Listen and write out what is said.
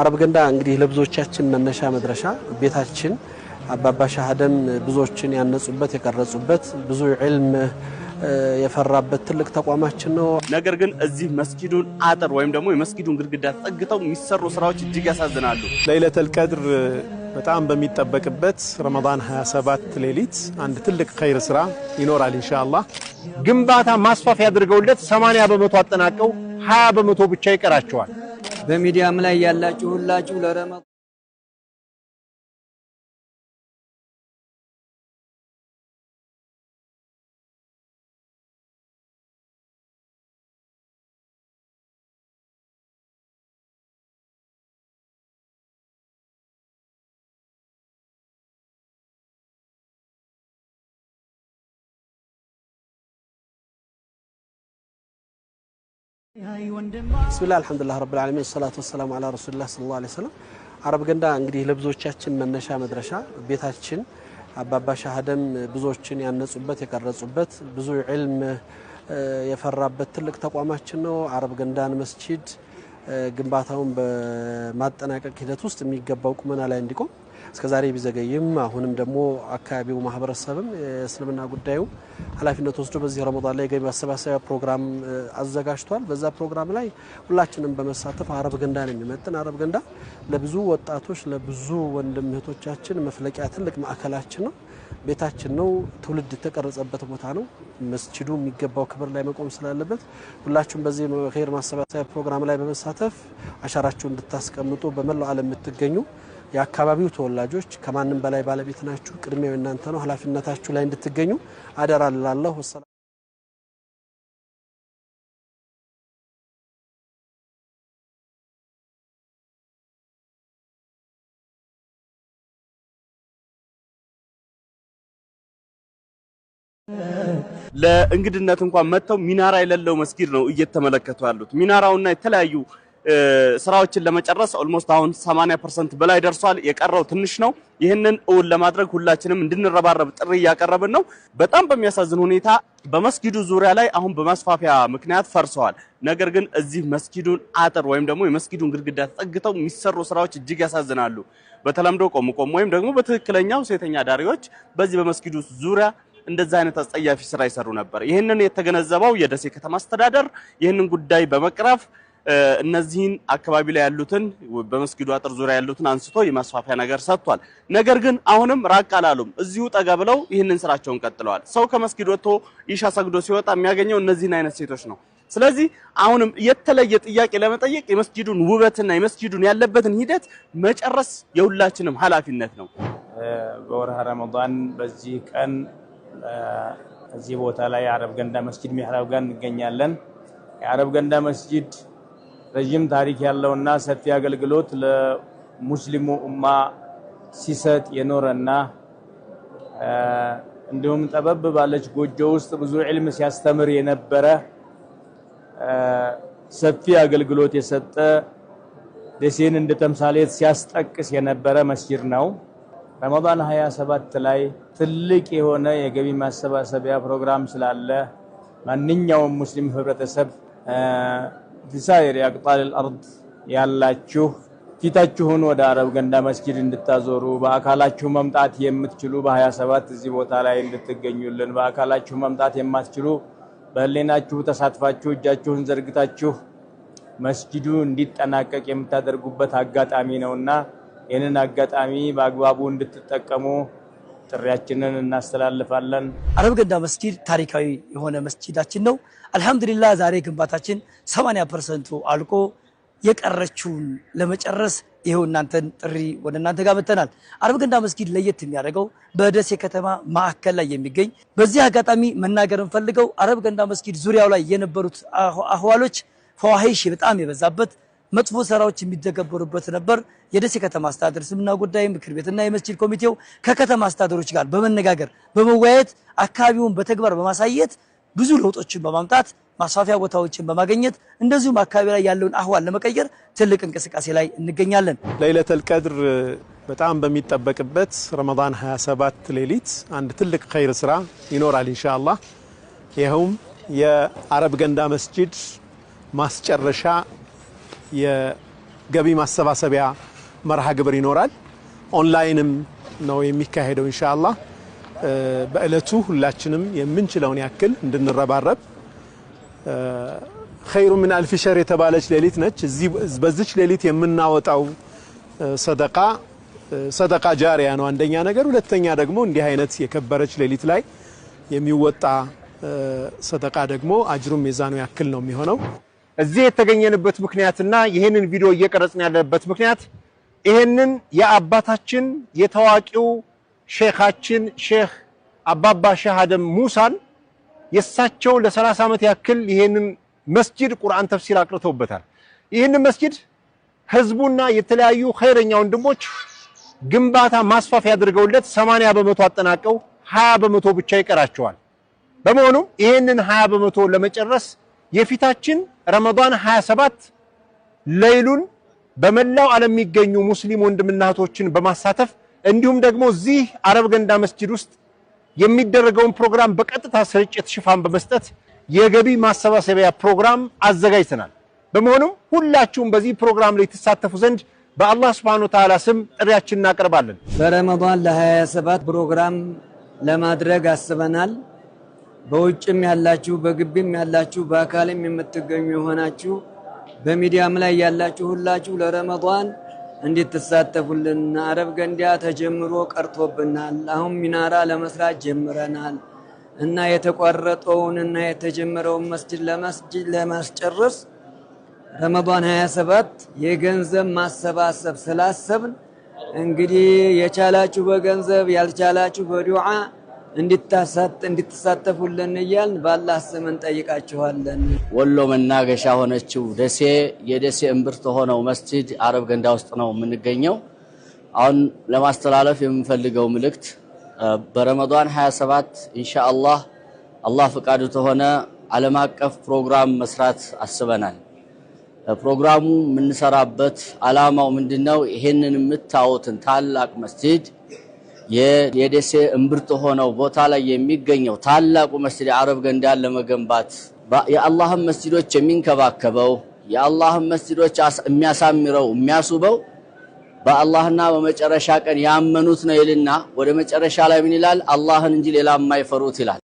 አረብ ገንዳ እንግዲህ ለብዙዎቻችን መነሻ መድረሻ ቤታችን አባባ ሻህደም ብዙዎችን ያነጹበት የቀረጹበት ብዙ ዕልም የፈራበት ትልቅ ተቋማችን ነው። ነገር ግን እዚህ መስጊዱን አጥር ወይም ደግሞ የመስጊዱን ግድግዳ ጠግተው የሚሰሩ ስራዎች እጅግ ያሳዝናሉ። ለይለተል ቀድር በጣም በሚጠበቅበት ረመዳን 27 ሌሊት አንድ ትልቅ ኸይር ስራ ይኖራል ኢንሻአላህ። ግንባታ ማስፋፊያ አድርገውለት 80 በመቶ አጠናቀው 20 በመቶ ብቻ ይቀራቸዋል። በሚዲያም ላይ ያላችሁ ሁላችሁ ለረመ ብስሚላ አልሐምዱሊላህ ረብል ዓለሚን ሰላቱ ወሰላሙ አላ ረሱሊላህ ሰለላሁ ዐለይሂ ወሰለም። አረብ ገንዳ እንግዲህ ለብዙዎቻችን መነሻ መድረሻ ቤታችን አባባ ሻህ ብዙዎችን ያነጹበት የቀረጹበት ብዙ ዕልም የፈራበት ትልቅ ተቋማችን ነው። አረብ ገንዳን መስጂድ ግንባታውን በማጠናቀቅ ሂደት ውስጥ የሚገባው ቁመና ላይ እንዲቆም እስከዛሬ ቢዘገይም አሁንም ደግሞ አካባቢው ማህበረሰብም የእስልምና ጉዳዩ ኃላፊነት ወስዶ በዚህ ረመዳን ላይ የገቢ ማሰባሰቢያ ፕሮግራም አዘጋጅቷል። በዛ ፕሮግራም ላይ ሁላችንም በመሳተፍ አረብ ገንዳ ነው የሚመጥን አረብ ገንዳ ለብዙ ወጣቶች ለብዙ ወንድም እህቶቻችን መፍለቂያ ትልቅ ማዕከላችን ነው። ቤታችን ነው። ትውልድ የተቀረጸበት ቦታ ነው። መስጂዱ የሚገባው ክብር ላይ መቆም ስላለበት ሁላችሁም በዚህ ኸይር ማሰባሰቢያ ፕሮግራም ላይ በመሳተፍ አሻራችሁ እንድታስቀምጡ በመላው ዓለም የምትገኙ የአካባቢው ተወላጆች ከማንም በላይ ባለቤት ናችሁ፣ ቅድሚያው እናንተ ነው፣ ኃላፊነታችሁ ላይ እንድትገኙ አደራ ላለሁ። ለእንግድነት እንኳን መጥተው ሚናራ የሌለው መስጊድ ነው እየተመለከቱ ያሉት። ሚናራውና የተለያዩ ስራዎችን ለመጨረስ ኦልሞስት አሁን 80% በላይ ደርሷል። የቀረው ትንሽ ነው። ይህንን እውን ለማድረግ ሁላችንም እንድንረባረብ ጥሪ እያቀረብን ነው። በጣም በሚያሳዝን ሁኔታ በመስጊዱ ዙሪያ ላይ አሁን በማስፋፊያ ምክንያት ፈርሰዋል። ነገር ግን እዚህ መስጊዱን አጥር ወይም ደግሞ የመስጊዱን ግድግዳ ተጠግተው የሚሰሩ ስራዎች እጅግ ያሳዝናሉ። በተለምዶ ቆም ቆም ወይም ደግሞ በትክክለኛው ሴተኛ ዳሪዎች በዚህ በመስጊዱ ዙሪያ እንደዛ አይነት አስጸያፊ ስራ ይሰሩ ነበር። ይህንን የተገነዘበው የደሴ ከተማ አስተዳደር ይህንን ጉዳይ በመቅረፍ እነዚህን አካባቢ ላይ ያሉትን በመስጊዱ አጥር ዙሪያ ያሉትን አንስቶ የማስፋፊያ ነገር ሰጥቷል። ነገር ግን አሁንም ራቅ አላሉም። እዚሁ ጠጋ ብለው ይህንን ስራቸውን ቀጥለዋል። ሰው ከመስጊድ ወጥቶ ይሻ ሰግዶ ሲወጣ የሚያገኘው እነዚህን አይነት ሴቶች ነው። ስለዚህ አሁንም የተለየ ጥያቄ ለመጠየቅ የመስጊዱን ውበትና የመስጊዱን ያለበትን ሂደት መጨረስ የሁላችንም ኃላፊነት ነው። በወርሃ ረመዳን በዚህ ቀን እዚህ ቦታ ላይ የአረብ ገንዳ መስጂድ ሚህራብ ጋር እንገኛለን። የአረብ ገንዳ መስጂድ ረዥም ታሪክ ያለውና ሰፊ አገልግሎት ለሙስሊሙ ኡማ ሲሰጥ የኖረና እንዲሁም ጠበብ ባለች ጎጆ ውስጥ ብዙ ዕልም ሲያስተምር የነበረ ሰፊ አገልግሎት የሰጠ ደሴን እንደ ተምሳሌት ሲያስጠቅስ የነበረ መስጂድ ነው። ረመዳን 27 ላይ ትልቅ የሆነ የገቢ ማሰባሰቢያ ፕሮግራም ስላለ ማንኛውም ሙስሊም ህብረተሰብ ቢሳይር አቅጣሪል አርድ ያላችሁ ፊታችሁን ወደ አረብ ገንዳ መስጊድ እንድታዞሩ በአካላችሁ መምጣት የምትችሉ በ27 እዚህ ቦታ ላይ እንድትገኙልን፣ በአካላችሁ መምጣት የማትችሉ በህሊናችሁ ተሳትፋችሁ እጃችሁን ዘርግታችሁ መስጊዱ እንዲጠናቀቅ የምታደርጉበት አጋጣሚ ነውና ይህንን አጋጣሚ በአግባቡ እንድትጠቀሙ ጥሪያችንን እናስተላልፋለን። አረብ ገዳ መስጊድ ታሪካዊ የሆነ መስጊዳችን ነው። አልሐምዱሊላ ዛሬ ግንባታችን 80 ፐርሰንቱ አልቆ የቀረችውን ለመጨረስ ይኸው እናንተን ጥሪ ወደ እናንተ ጋር መተናል። አረብ ገንዳ መስጊድ ለየት የሚያደርገው በደሴ ከተማ ማዕከል ላይ የሚገኝ በዚህ አጋጣሚ መናገር እንፈልገው አረብ ገንዳ መስጊድ ዙሪያው ላይ የነበሩት አህዋሎች ፈዋሂሽ በጣም የበዛበት መጥፎ ስራዎች የሚተገበሩበት ነበር። የደሴ ከተማ አስተዳደር እስልምና ጉዳይ ምክር እና የመስጂድ ኮሚቴው ከከተማ አስተዳደሮች ጋር በመነጋገር በመወያየት አካባቢውን በተግባር በማሳየት ብዙ ለውጦችን በማምጣት ማስፋፊያ ቦታዎችን በማግኘት እንደዚሁም አካባቢ ላይ ያለውን አህዋል ለመቀየር ትልቅ እንቅስቃሴ ላይ እንገኛለን። ለይለተል ቀድር በጣም በሚጠበቅበት ረመዳን 27 ሌሊት አንድ ትልቅ ኸይር ስራ ይኖራል ኢንሻአላህ። ይኸውም የአረብ ገንዳ መስጂድ ማስጨረሻ የገቢ ማሰባሰቢያ መርሃ ግብር ይኖራል። ኦንላይንም ነው የሚካሄደው። እንሻላ በእለቱ ሁላችንም የምንችለውን ያክል እንድንረባረብ ኸይሩ ምን አልፊ ሸር የተባለች ሌሊት ነች። በዚች ሌሊት የምናወጣው ሰደቃ ሰደቃ ጃሪያ ነው አንደኛ ነገር። ሁለተኛ ደግሞ እንዲህ አይነት የከበረች ሌሊት ላይ የሚወጣ ሰደቃ ደግሞ አጅሩም የዛኑ ያክል ነው የሚሆነው። እዚህ የተገኘንበት ምክንያትና ይህንን ቪዲዮ እየቀረጽን ያለበት ምክንያት ይህንን የአባታችን የታዋቂው ሼኻችን ሼህ አባባ ሼህ አደም ሙሳን የእሳቸው ለ30 ዓመት ያክል ይህንን መስጂድ ቁርአን ተፍሲር አቅርተውበታል። ይህንን መስጂድ ህዝቡና የተለያዩ ኸይረኛ ወንድሞች ግንባታ ማስፋፍ ያድርገውለት 80 በመቶ አጠናቀው 20 በመቶ ብቻ ይቀራቸዋል። በመሆኑም ይህንን 20 በመቶ ለመጨረስ የፊታችን ረመዳን 27 ለይሉን በመላው ዓለም የሚገኙ ሙስሊም ወንድምና እህቶችን በማሳተፍ እንዲሁም ደግሞ እዚህ አረብ ገንዳ መስጂድ ውስጥ የሚደረገውን ፕሮግራም በቀጥታ ስርጭት ሽፋን በመስጠት የገቢ ማሰባሰቢያ ፕሮግራም አዘጋጅተናል። በመሆኑም ሁላችሁም በዚህ ፕሮግራም ላይ የተሳተፉ ዘንድ በአላህ ስብሐነሁ ወተዓላ ስም ጥሪያችን እናቀርባለን። በረመዳን ለ27 ፕሮግራም ለማድረግ አስበናል። በውጭም ያላችሁ በግቢም ያላችሁ በአካልም የምትገኙ የሆናችሁ በሚዲያም ላይ ያላችሁ ሁላችሁ ለረመዷን እንድትሳተፉልን። አረብ ገንዲያ ተጀምሮ ቀርቶብናል። አሁን ሚናራ ለመስራት ጀምረናል እና የተቋረጠውን እና የተጀመረውን መስጅድ ለመስጅድ ለማስጨረስ ረመዷን 27 የገንዘብ ማሰባሰብ ስላሰብን እንግዲህ የቻላችሁ በገንዘብ ያልቻላችሁ በዱዓ እንድትሳተፉልን እያልን በአላህ ስም እንጠይቃችኋለን። ወሎ መናገሻ ሆነችው ደሴ የደሴ እምብርት ሆነው መስጂድ አረብ ገንዳ ውስጥ ነው የምንገኘው። አሁን ለማስተላለፍ የምንፈልገው ምልክት በረመዷን 27 ኢንሻአላህ አላህ ፈቃዱ ተሆነ ዓለም አቀፍ ፕሮግራም መስራት አስበናል። ፕሮግራሙ የምንሰራበት አላማው ምንድነው? ይሄንን የምታዩትን ታላቅ መስጂድ የደሴ እምብርት ሆነው ቦታ ላይ የሚገኘው ታላቁ መስጂድ አረብ ገንዳን ለመገንባት የአላህን መስጂዶች የሚንከባከበው የአላህን መስጂዶች የሚያሳምረው የሚያስውበው በአላህና በመጨረሻ ቀን ያመኑት ነው ይልና ወደ መጨረሻ ላይ ምን ይላል? አላህን እንጂ ሌላ የማይፈሩት ይላል።